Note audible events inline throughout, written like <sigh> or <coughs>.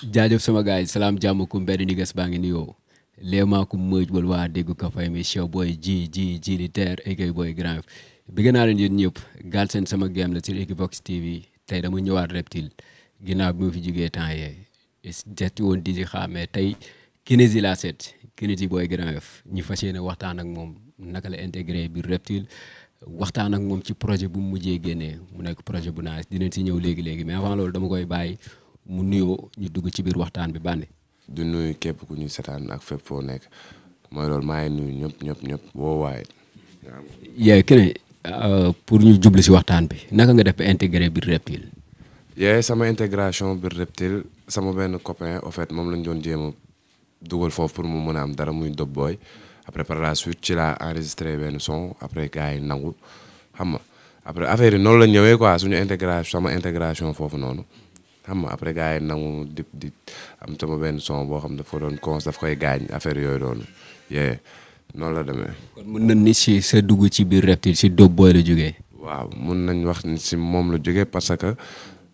jaajëf sama gars yi salaam jàmm ku mbedd ni ges baa ngi nuyoo yoo ku mëj bal waa déggu ka fay mi show booy ji ji ji di ter ékoy booy grand bi gënaa leen yéen ñëpp Galsen sama game la sur Equivox TV tey dama ñëwaat Reptile ginnaaw bi ma fi jógee temps yee det woon di si xaamee tey Kinizi laa seet Kinizi booy grand ñu fas yéene waxtaan ak moom naka la intégré biir Reptile waxtaan ak moom ci projet bu mu mujjee génnee mu nekk projet bu naaj dinañ si ñëw léegi-léegi mais avant loolu dama koy bàyyi mu nuyoo ñu dugg ci biir waxtaan bi bànde du nuy képp ku ñu setaan ak fépp foo nekk mooy loolu maa ngi ñëpp ñëpp ñëpp woo waaye. yee euh, keneen pour ñu jublu si waxtaan bi naka nga def ba intégré biir reptile. yee sama intégration biir reptile sama benn copain au fait moom lañ doon jéem a dugal foofu pour mu mun a am dara muy Dope Boy après par la suite ci laa enregistré benn son après gars yi nangu xam nga après affaire yi noonu la ñëwee quoi suñu intégration sama intégration foofu noonu. xam nga après gars yi nangu dip di am sama benn son boo xam dafa doon cons daf koy gaañ affaire yooyu doonu yee noonu la demee. kon mun nañ ni si sa dugg ci biir Reptyle si Dope Boy la jógee. waaw mun nañ wax ni si moom la jógee parce que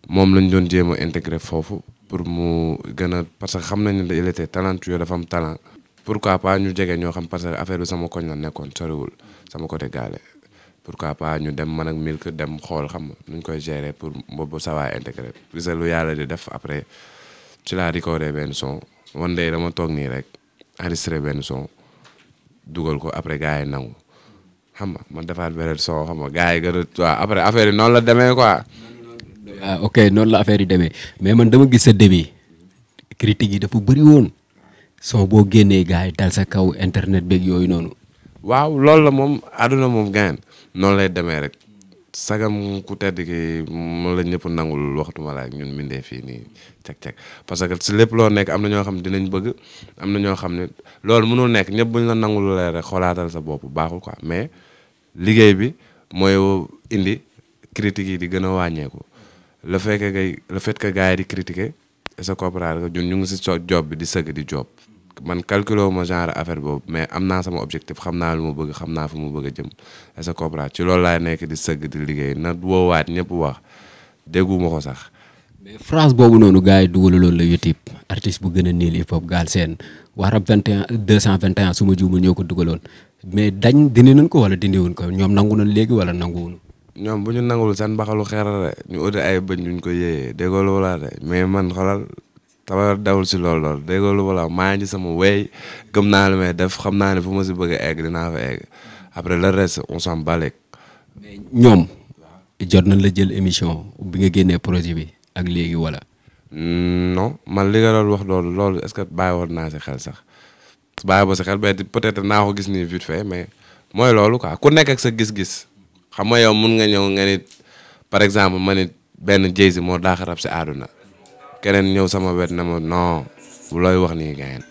moom lañ doon jéem a intégré foofu pour mu gën a parce que xam nañ ne il talant talentueux dafa am talent. pourquoi pas ñu jege ñoo xam parce que affaire bi sama koñ la nekkoon soriwul sama côté gaale. pour pourquoi paa ñu dem man ak milk dem xool xam nga nuñ koy gere pour boobu ça va intégrer gisa lu yàlla di def après ci laa recordé benn son one day ma toog nii rek enregistré benn son dugal ko après gars yi nangu xam nga man defaat beneen son xam nga gars yi gën après affaire yi noonu la demee quoi. ah ok noonu la affaire yi demee mais man dama gis sa début critique yi dafa bëri woon son boo génnee gars yi dal sa kaw internet beeg yooyu noonu. waaw loolu la moom àdduna moom gayen noonu lay demee rek sagam ku tedd ki moom la ñëpp nangul waxtuma la ak ñun mindee fii nii cag-cag parce que si lépp loo nekk am na ñoo xam ne dinañ bëgg am na ñoo xam ne loolu mënul nekk ñëpp buñ la nangul la rek xoolaatal sa bopp baaxul quoi mais liggéey bi mooy indi critiques yi di gën a wàññeeku la fait gay ngay le fait que gars yi di critique sa comprendre que ñun ñu ngi si job bi di sëgg di job man calculé wu ma genre affaire boobu mais am naa sama objectif xam naa lu ma bëgg xam naa fu ma bëgg a jëm est-ce que comprendre ci loolu laay nekk di sëgg di liggéey na woowaat ñëpp wax dégguma ko sax. mais phrase boobu noonu gars yi dugalaloon la YouTube artiste bu gën a niil hip hop Galsen waa rap 21 221 su ma juumul ñoo ko dugaloon mais dañ dindi nañ ko wala dindiwuñ ko ñoom nangu nañ léegi wala nanguwuñu. ñoom bu ñu nangul seen baxalu xeer ñu uti ay bëñ ñu ko yéeyee déggoo loola mais man xolal dama dawul si lool loolu dégg lu ma la wax maa ngi sama wéy gëm naa li may def xam naa ne fu ma si bëgg a egg dinaa fa egg après le reste on s'en balek mais ñoom jot nañ la jël émission bi nga génnee projet bi ak léegi wala. Mm, non man li wax loolu loolu est-ce que bàyyi naa si xel sax bàyyi ba si xel mais peut-être naa ko gis nii vite fait mais mooy loolu quoi ku nekk ak sa gis-gis xam nga yow mun nga ñëw nga nit par exemple ma benn Jay-Z moo daax rab si àdduna. keneen ñëw sama wet na noo non looy wax nii gayeen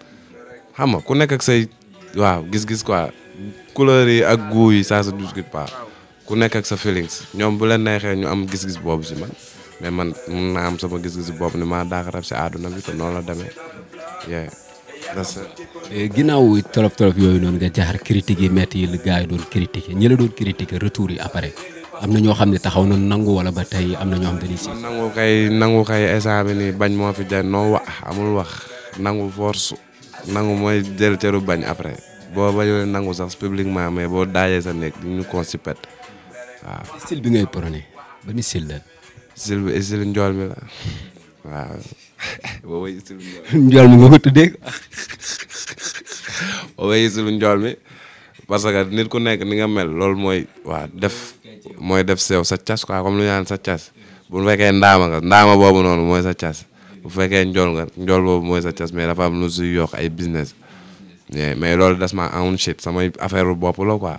xam nga ku nekk ak say waaw gis-gis quoi couleur yi ak goût yi ça se discute pas ku nekk ak sa feelings ñoom bu leen neexee ñu am gisgis boobu si man mais man mun naa am sama gis-gis boobu ni maa daaka rab si àdduna bi te noonu la demee yeah eh, ginnaaw tolof tolof yooyu noonu nga jaar critique yi métti yi la gars yi doon critiquer ñi doon critiquer retour yi après am na ñoo xam ne taxaw na nangu wala ba tey am na ñoo xam ne si. nangu kay bañ moo fi jar noo wax amul wax mooy jël bañ après boo bañoo nangu sax publiquement boo daajee sa nekk ñu constipé waaw. style bi ngay prôné <laughs> njool mi la waaw. loolu mooy waa def. mooy def sew sa cas quoi comme lu ñu naan bu fekkee ndaama nga ndaama boobu noonu mooy sa bu fekkee njool nga njool boobu mooy sa cas mais dafa am lu suy yokk ay business mais loolu das ma own shit samay affaire bopp la quoi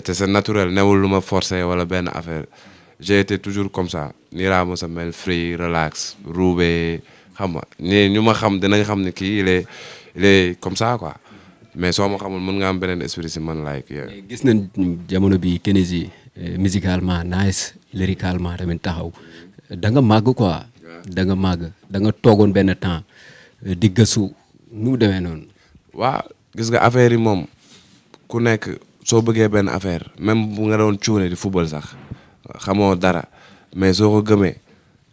te c'est naturel newul lu ma forcé wala benn affaire j'ai été toujours comme ça nii laa mos a mel free relax roubé xam nga ni ñu ma xam dinañ xam ne kii il est il est comme ça quoi mais soo ma xamul mën nga am beneen esprit man like yooyu. gis nañ jamono bi Kennedy Eh, musicalement nice lyricalement tamit taxaw da nga màgg quoi. da nga màgg da nga toogoon benn temps eh, di gëstu nu mu demee noonu. waa gis nga affaire yi moom ku nekk soo bëggee benn affaire même bu nga doon di football sax xamoo dara mais soo ko gëmee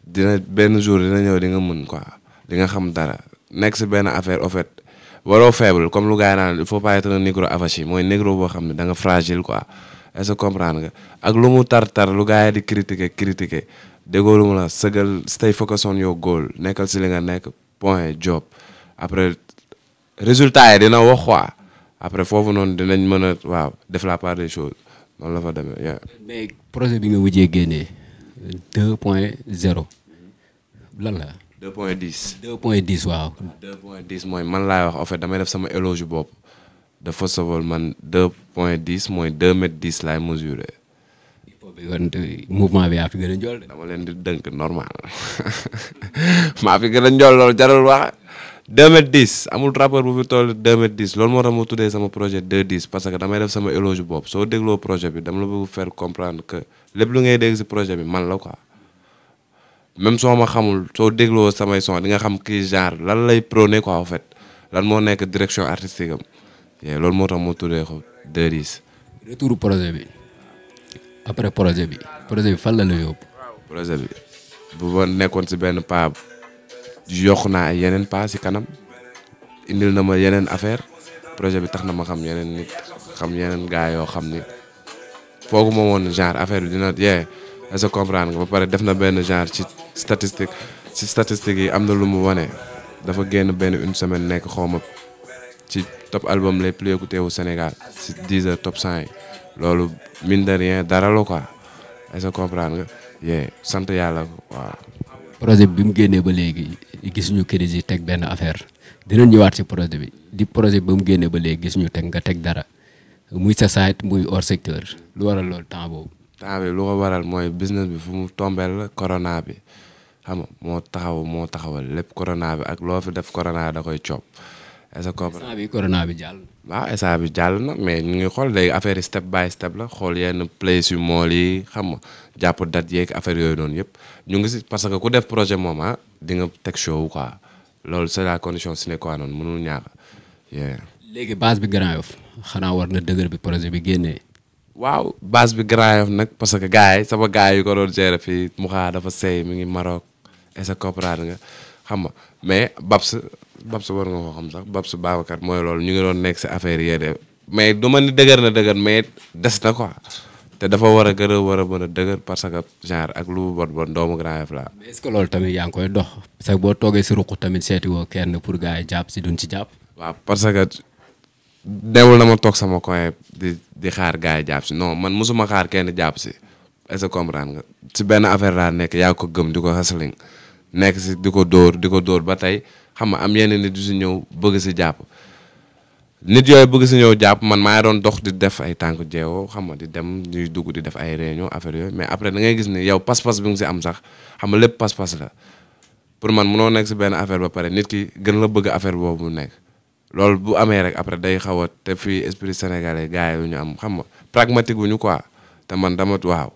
dina benn jour dina ñëw di nga mën quoi di nga xam dara nekk si benn affair ofet fait waroo faible comme lu gars yi naan il faut pas être un négro mooy négro boo xam ne da nga fragile quoi. est-ce que comprendre nga ak lu mu tar tar lu gaa yi di critiquer critiquer déggoo lu mu la sëgal stay focus on your goal nekkal si li nga nekk point job après résultat yi dina wax quoi après foofu noonu dinañ mën a waaw def la part des choses la fa demee. mais projet bi nga wujjee génnee deux point zéro lan la. deux point dix. point dix waaw. deux point dix mooy man laay wax en dama damay def sama éloge bopp. dafa sobal man deux point dix mooy deux mètre dix laay mesuré. mouvement bi yaa fi gën a njool de. dama leen di dënk normal <laughs> ma fi gën a njool loolu jarul wax deux mètre dix amul rapport bu fi toll deux mètre dix loolu moo tax ma sama projet deux dis parce que damay def sama éloge bopp soo dégloo projet bi dama la bëgg faire comprendre que lépp lu ngay dégg si projet bi man la quoi même soo ma xamul soo dégloo samay son di nga xam kii genre lan lay prôné quoi en fait lan moo nekk direction artistique am. loolu moo tax moo tuddee ko deux risques. retour projet bi après projet bi projet bi fan la la yóbbu. projet bi bu ma nekkoon si benn paa yokk naa yeneen paa si kanam indil na ma yeneen affaire projet bi tax na ma xam yeneen nit xam yeneen gars yoo xam ni foogu ma woon genre affaire bi dina yee est-ce que nga ba pare def na benn genre ci statistique ci statistique yi am na lu mu wane dafa génn benn une semaine nekk xaw ci top album les plus écoutés au Sénégal si Deezer top 100 loolu mine de rien dara la quoi est-ce que comprendre nga yee sant yàlla waaw. projet bi mu génnee ba léegi gis ñu yi teg benn affaire dina ñëwaat si projet bi di projet ba génnee ba léegi gis ñu teg nga teg dara muy sa site muy hors secteur lu waral loolu temps boobu. temps lu ko waral mooy business bi fu mu tombeel la corona bi xam moo taxaw moo taxawal lépp corona bi ak loo fi def corona da koy coop. est-ce que bi corona bi jàll. na mais ñu ngi xool léegi affaire yi step by step la xool yen place yu mool yi xam nga jàpp date yeeg affaire yooyu noonu yëpp ñu ngi si parce que ku def projet moom ah di nga teg show quoi loolu c'est la condition sine qua non mënul ñaar. léegi base bi Grand Yoff xanaa war na dëgër bi projet bi génnee. waaw base bi Grand Yoff nag parce que gars yi sama gars yu ko doon gérer fii mu xaar dafa seey mi ngi Maroc est-ce nga xam nga mais Babs. Babs war nga ko xam sax Babs Babacar mooy lool ñu ngi doon nekk si affaire yee de mais du ma ni dëgër na dëgër mais des na ko te dafa war a gën a war a mën a dëgër parce que genre ak lu bon bon doomu Grand Yoff la. mais est ce tamit yaa ngi koy dox. parce que boo toogee si ruq tamit seeti woo kenn gars yi jàpp si duñ si jàpp. waaw parce que dewul na ma toog sama coin di xaar gars yi jàpp si non man mosuma xaar kenn jàpp si est-ce si benn affaire laa nekk yaa ko gëm di ko xasaling nekk si di ko dóor di ko dóor ba tey xam nga am yenn nit yu si ñëw bëgg si jàpp nit yooyu bëgg si ñëw jàpp man maa doon dox di def ay tànk jeewoo xam nga di dem ñuy dugg di def ay réunion affaire yooyu mais après da ngay gis ne yow pas-pas bi nga si am sax xam lépp pas la pour man munoo nekk si benn affaire ba pare nit ki gën la bëgg affaire boobu nekk. loolu bu amee rek après day xaw a te fii esprit sénégalais gars yi ñu am xam nga pragmatique wu ñu quoi te man dama waaw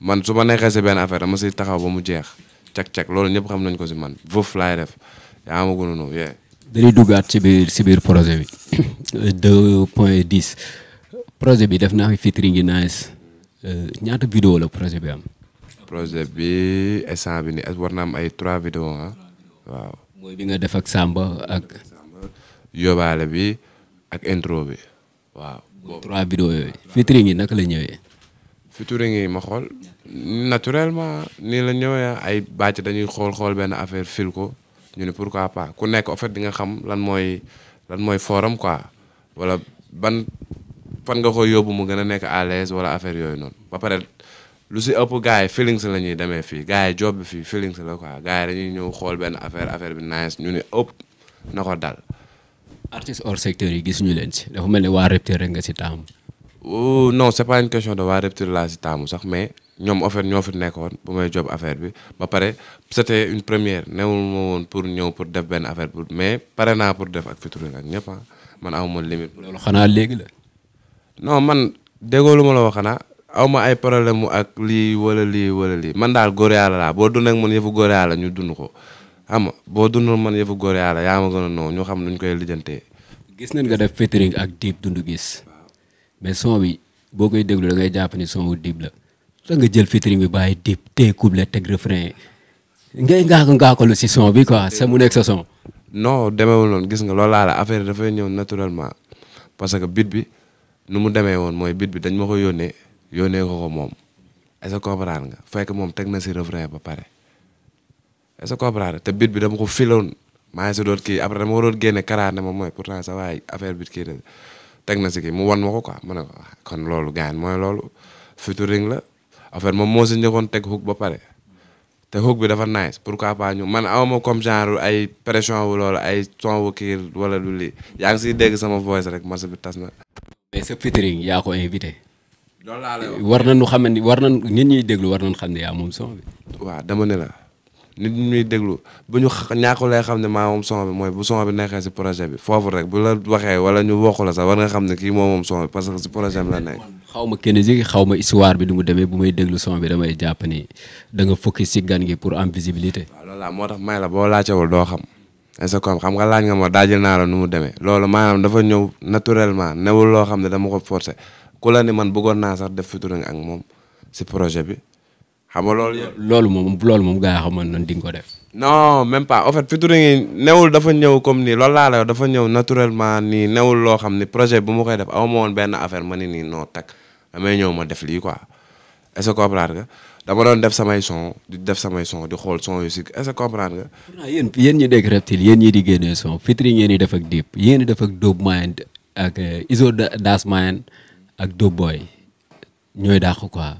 man su ma nekkee si benn affaire dama siy taxaw ba mu jeex cag cag loolu ñëpp xam nañ ko si man vëf laay ref yaa ma gën a noonu duggaat ci biir ci biir projet bi. 2 <coughs> point projet bi def naa fi featuring yi nice euh, ñaata vidéo la projet bi am. projet bi instant bi ni war naa am ay 3 vidéo ah waaw. mooy bi nga def ak Samba ak. yóbbaale bi ak intro bi waaw. boobu 3 vidéo yooyu featuring yi naka la ñëwee. featuring ma xool naturellement ni la ñëwee ay bàcc dañuy xool xool benn affaire fil ko. ñu ne pourquoi pas ku nekk en fait di nga xam lan mooy lan mooy forum quoi wala ban fan nga koy yóbbu mu gën a nekk à l'aise wala affaire yooyu noonu ba pare lu si ëpp gars yi feelings la ñuy demee fii gars yi job bi fii feelings la quoi gars yi ñu ñëw xool benn affaire affaire bi nice ñu ni ëpp na ko dal. artistes or secteur yi gis gisuñu leen si dafa mel ni waa Reptile rek nga si taamu. non c'est pas une de waa Reptile laa si taamu sax mais. ñoom en ñoo fi nekkoon ba may job affaire bi ba pare c'était une première newul ma pour ñëw pour def benn affaire pour mais pare naa pour def ak featuring ak ñëpp ah. man awma limite. loolu xanaa léegi la. non man déggoo lu ma la wax xanaa aw ma ay problème mu ak lii wala lii wala lii man daal góor yàlla laa boo dund ak man yëfu góor yàlla ñu dund ko am boo dundul man yëfu góor yàlla yaa ma gën a noo ñu xam nuñ koy lijjante gis nañ nga def featuring ak Dip Doundou gis mais son bi boo koy déglu da ngay jàpp ni son wu la. sax nga jël featuring bi bàyyi dip tey couplet teg refrain ngay ngaako ngaakalu si son bi quoi sa mu nekk sa son. non demeewul gis nga loolu laa la affaire dafay ñëw naturellement parce que bit bi nu mu demee woon mooy bit bi dañ ma ko yónnee yónnee ko ko moom est-ce que nga fekk moom teg na si refrain ba pare est te bit bi dama ko filoon maa ngi si doon kii après dama ko génne karaat ne mooy pourtant sa waay affaire bit kii teg na si ki mu won ma ko quoi mu ne ko ah, kon loolu gaan mooy loolu featuring la. affaire moom moo si njëkkoon teg hook ba pare te hook bi dafa nice pourquoi pas ñu man awma comme genre ay pression wu ay son wu kii wala lu lii yaa ngi siy dégg sama voice rek marché bi tas na. mais sa featuring yaa ko invité. loolu laa lay wax war nañu xam ne war nañu nit ñuy déglu war nañu xam ne yaa waaw dama ne la déglu bu ñu ñàkk lay xam ne maa moom son bi mooy bu son bi nekkee si projet bi foofu rek bu la waxee wala ñu waxu la sa war nga xam ne kii moom moom son bi parce que si projet bi la nekk. xaw ma kinésique xaw ma histoire bi du mu demee bu may déglu son bi damay jàpp ni da nga focus si gan gi pour am visibilité. waaw moo tax may la boo wul doo xam est-ce que xam nga laaj nga ma daajal naa la nu mu demee loolu maanaam dafa ñëw naturellement newul loo xam ne dama ko forcer ku la ni man bëggoon naa sax def featuring ak moom si projet bi. xam nga loolu. loolu moom loolu moom gaa yi xamoon di nga ko def. non même pas en fait newul dafa ñëw comme nii loolu laa la dafa ñëw naturellement ni newul loo xam ni projet bu mu koy def a ma woon benn affaire ma ni nii noo takk damay ñëw ma def lii quoi est ce que comprendre nga dama doon def samay son di def samay son di xool son yu si est ce que comprendre nga. pourtant yéen yéen ñi dégg Reptyle yéen ñi di génnee son fitri ngeen di def ak Dip yéen def ak Dope Mind ak euh, Izo Das Mind ak Dope Boy ñooy dàq quoi.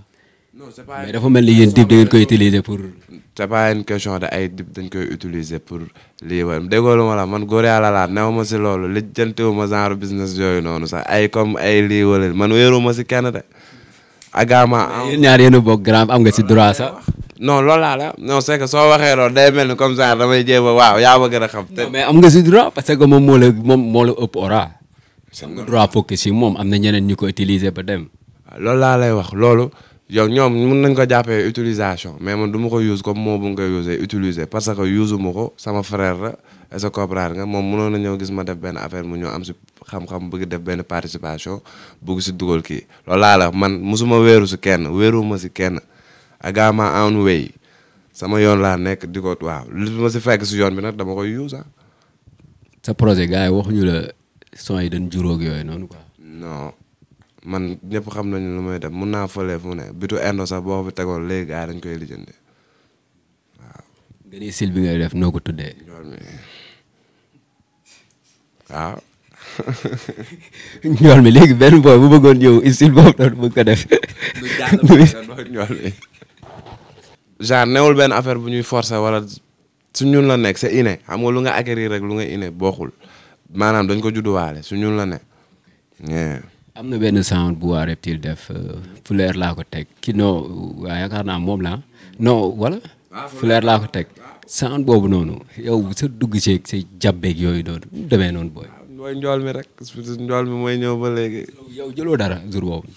mais dafa mel ni yéen dib da ngeen koy utiliser pour. c'est pas une question de ay dib dañ koy utiliser pour lii wala déggoo lu ma la man góor yàlla laa new ma si loolu lijjantiwu ma genre business yooyu noonu sax ay comme ay lii wala man wéeru ma si kenn de. agama am ñaar yéen a bokk grand am nga si droit sax. non loolu laa la non c'est que soo waxee loolu day mel ni comme ça damay jéem a waaw yaa ma gën a xam. mais am nga si droit parce que moom moo la moom moo la ëpp ora. am nga droit focus si moom am na ñeneen ñu ko utiliser ba dem. loolu laa lay wax loolu. yow ñoom mun nañ ko jàppee utilisation mais man du ma ko use comme moo bu nga use utiliser parce que use ma ko sama frère la est-ce que comprendre nga moom mënoon na ñëw gis ma def benn affaire mu ñëw am si xam bëgg def benn participation bëgg si dugal kii loolu man mosuma wéeru si kenn wéeru ma si kenn agaama en way sama yoon laa nekk di ko waaw li ma si fekk si yoon bi nag ko koy use ah. sa projet gars yi waxuñu la son yi dañ juróog yooyu noonu quoi non man ñëpp xam nañu lu may def mun naa fële fu ne bitu indo sax boo fi tegoon léegi gars dañ koy lijjanti waaw. nga ni style bi ngay def noo ko tuddee. njool mi <laughs> mi léegi benn booy bu bëggoon ñëw style bëgg ko def. du <laughs> newul benn affaire bu ñuy forcer wala su ñun la nekk c'est inné am nga lu nga acquérir rek lu nga inné bokkul maanaam dañ ko juduwaale su ñun la ne. am na benn sound bu waa reptile def euh, fleur laa ko teg ki non waa yaakaar naa moom la non wala fleur laa ko teg sound boobu noonu yow sa dugg ci sa jàbbeeg yooyu doonu demee noonu booy mooy njool mi rek njool mi mooy ñëw ba léegi yow jëloo dara jour boobu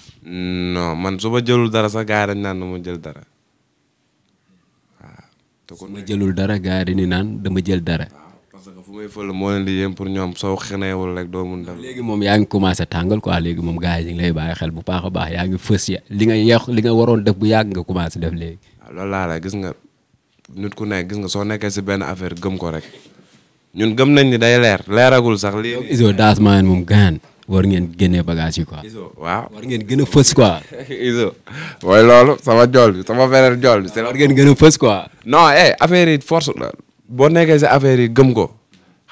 non man su ma jëlul dara sa gars yi naan na ma jël dara waaw kon jëlul dara gars yi dañu naan dama jël dara may fël moo leen di yem pour ñoom soo xeneewul rek doo mun def. léegi moom yaa ngi commencé tàngal quoi léegi moom gars yi ñu ngi lay bàyyi xel bu baax a baax yaa ngi fës ya li nga li nga waroon def bu yàgg nga commencé def léegi. waaw ah, loolu laa la gis nga nit ku nekk gis nga soo nekkee si benn affaire gëm ko rek ñun gëm nañ ni day leer leeragul sax lii. donc Izo daas moom gaan war ngeen génnee bagage yi quoi. Izo waaw war ngeen gën a fës quoi. <laughs> Izo mooy loolu sama jool bi sama frère jool bi. war ngeen gën a fës quoi. non eh, affaire yi force la boo nekkee si affaire yi gëm ko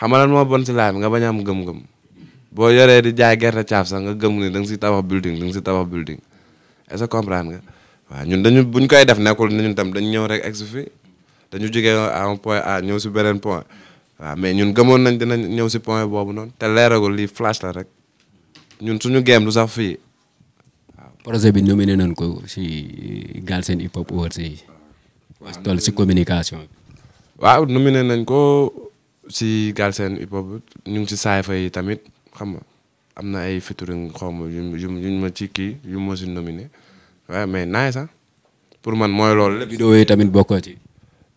xam nga lan si laaj nga bañ a gëm-gëm boo yoree di jaay gerte caaf sax nga gëm ni da nga si tabax building da nga si tabax building est-ce que comprendre nga waaw ñun dañu buñ koy def nekkul ne ñun tam dañu ñëw rek egg si fi dañu jógee à ñëw si beneen point waaw mais ñun gëmoon nañ dinañ ñëw si point boobu noonu te leeragul li flash la rek ñun suñu game lu sax fii waaw. projet bi nominé nañ ko si Galsen Hip Hop si communication ko. si Galsen hip hop ñu ngi si saayfa yi tamit xam nga am na ay featuring xaw ma yu yu ma ci kii yu ma si nominé waaw mais naay sax pour man mooy loolu lépp. vidéo yi tamit bokkoo ci.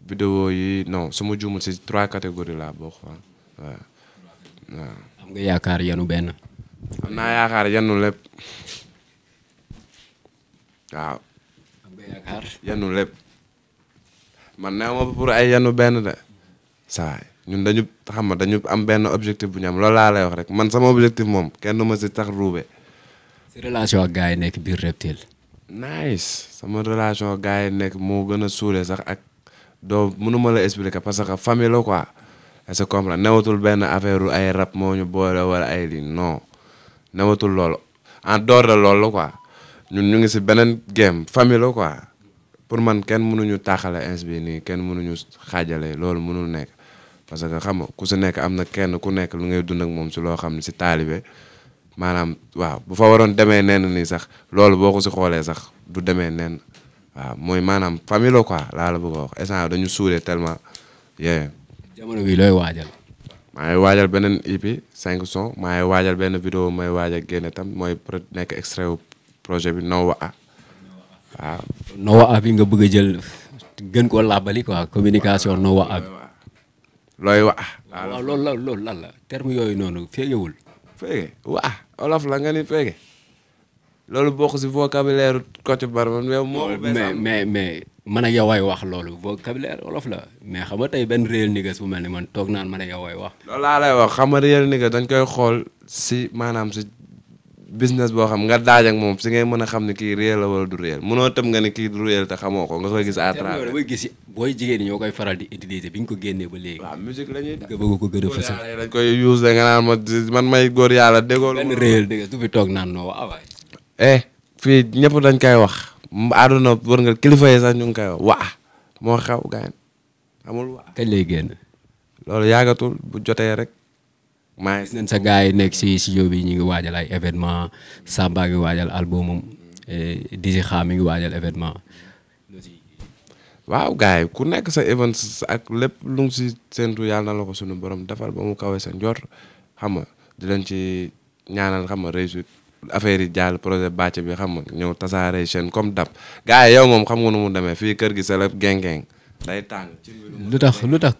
vidéo yi non su ma juumul si trois catégories laa bokk waaw waaw. am nga yaakaar yanu benn. am yaakaar yanu lépp nga yaakaar yanu lépp man nee ma pour ay yanu benn de saay ñun dañu xam nga dañu am benn objectif bu ñu am loolu laa lay wax rek man sama objectif moom kenn du ma si tax ruube. si relation ak gars yi nekk biir reptile. nice sama relation ak gars yi nekk moo gën a suulee sax ak doo mënuma la expliquer parce que famille la quoi est-ce que comprendre newatul benn affaire ay rab moo ñu boole wala ay lii non newatul loolu en dehors de loolu quoi ñun ñu ngi si beneen game famille la quoi pour man kenn mënuñu taaxale ins bi nii kenn mënuñu xaajale loolu mënul nekk. parce que xam nga ku si nekk am na kenn ku nekk lu ngay dund ak moom si loo xam ne si taalibe maanaam waaw bu fa waroon demee nenn nii sax loolu boo ko si xoolee sax du demee nenn waaw mooy maanaam famille la quoi laa la bëgg a wax dañu suulee tellement yee. jamono bi looy waajal. maa waajal beneen EP cinq son maa waajal benn vidéo may waaj a génne tam mooy nekk extrait wu projet bi Nowa A waaw. Nowa A bi nga bëgg a jël gën koo làbbali quoi communication Nowa looy wa. waaw loolu la loolu lan la terme yooyu noonu féegewul. féege waa olof la nga ni féege loolu bokk si vocabulaire Kocc Barma mais mais mais man ak yow ay wax loolu vocabulaire olof la mais xam nga tey benn réel niggas bu mel ni man toog naan man ak yow ay wax. loolu laa lay wax xam nga réel niggas dañ koy xool si maanaam si business boo xam nga daaj ak moom si ngay a xam ne kii réel la wala du réel munoo tëm nga ne kii du réel te xamoo ko nga koy gis à travers gis booy jigéen ñi ñoo koy faral di utiliser bi ñu ko génnee ba léegi ko a fësal dañ koy man may góor yàlla dégool benn réel dëgg du fi toog naan noo waaw waay eh fii ñëpp dañ koy wax àdduna war nga kilifa yi sax ñu ngi koy wax waa moo xew gaan amul waa kañ lay génn loolu bu jotee rek maa ngi seen sa gars yi nekk si studio bi ñu ngi waajal ay événement Samba ngi waajal albumam eh, Dizzy Kha mi ngi waajal événement. waaw gars yi ku nekk sa event ak lépp lu si séntu yàlla na la ko sunu borom defal ba mu kawee sa njort xam nga di leen ci ñaanal xam nga réussite affaire yi jàll projet bàcc bi xam nga ñëw tasaare chaîne comme dab gars yow moom xam nga nu mu demee fii kër gi sa lépp geng day tàng. lu tax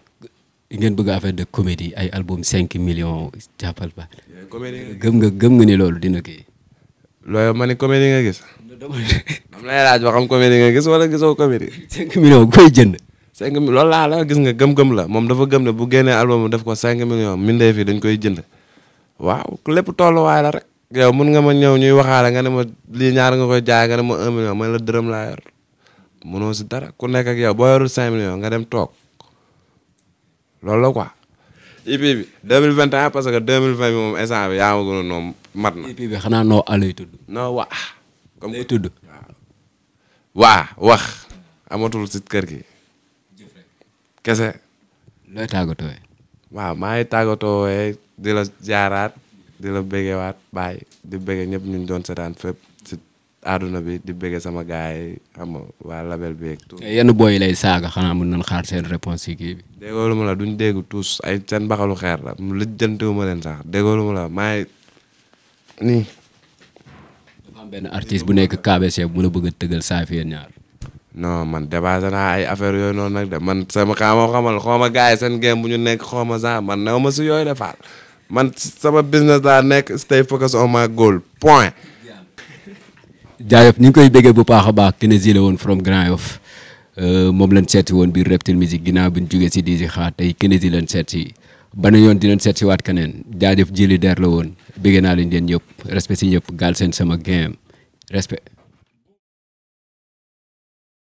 ngeen bëgg affaire de comédie ay album cinq million jàppal ba. comédie gëm nga gëm nga ni loolu dina kii. loolu ma ne comédie nga gis. <laughs> am na laaj ba xam comédie nga gis wala gisoo comédie. cinq millions koy jënd. cinq millions loolu laa la gis nga gëm-gëm la moom dafa gëm ne bu génnee album def ko cinq millions mindee fii dañ koy jënd waaw lépp tolluwaay la rek. yow mun nga ma ñëw ñuy waxaale nga ne ma lii ñaar nga koy jaay nga ne ma un million man la dërëm laa yor munoo si dara ku nekk ak yow boo yorul nga dem toog. loolu la quoi. EP bi 2021 parce que 2020 bi moom instant bi yaa ma gën a noom mat na. EP bi xanaa noo alay tudd. noo wax. comme lay tudd. waa wax amatul si kër gi. kese. looy tàggatoo. waaw maa ngi tàggatoo di la jaaraat di la bëggewaat bàyyi di bëgge ñëpp ñu doon setaan fépp si. àdduna bi di bëgg sama gars yi xam nga waa label beeg. yenn booy yi lay saaga xanaa mën kii bi. déggoo lu la duñ dégg tous ay xeer la lijjantiwu ma leen sax déggoo lu ma la maay nii. dafa bu nekk KBC bu la bëgg a tëggal saa man dépassé naa ay affaire yooyu noonu nag de man sama xamoo xamal xooma gars yi game bu ñu nekk xooma sax man new ma si yooyu defaat man sama business daa nekk stay focus on my goal point. Jaayof ñu ngi koy béggee bu baax a baax Kennedy la woon from Grand Yoff euh, moom lañ seeti woon biir Reptile Musique ginnaaw bi ñu jógee si di si xaar tey Kennedy lañ seet si bana yoon dinañ seet si waat keneen jaajëf jili der la woon béggee naa leen yéen ñëpp respect si ñëpp gaal seen sama game respect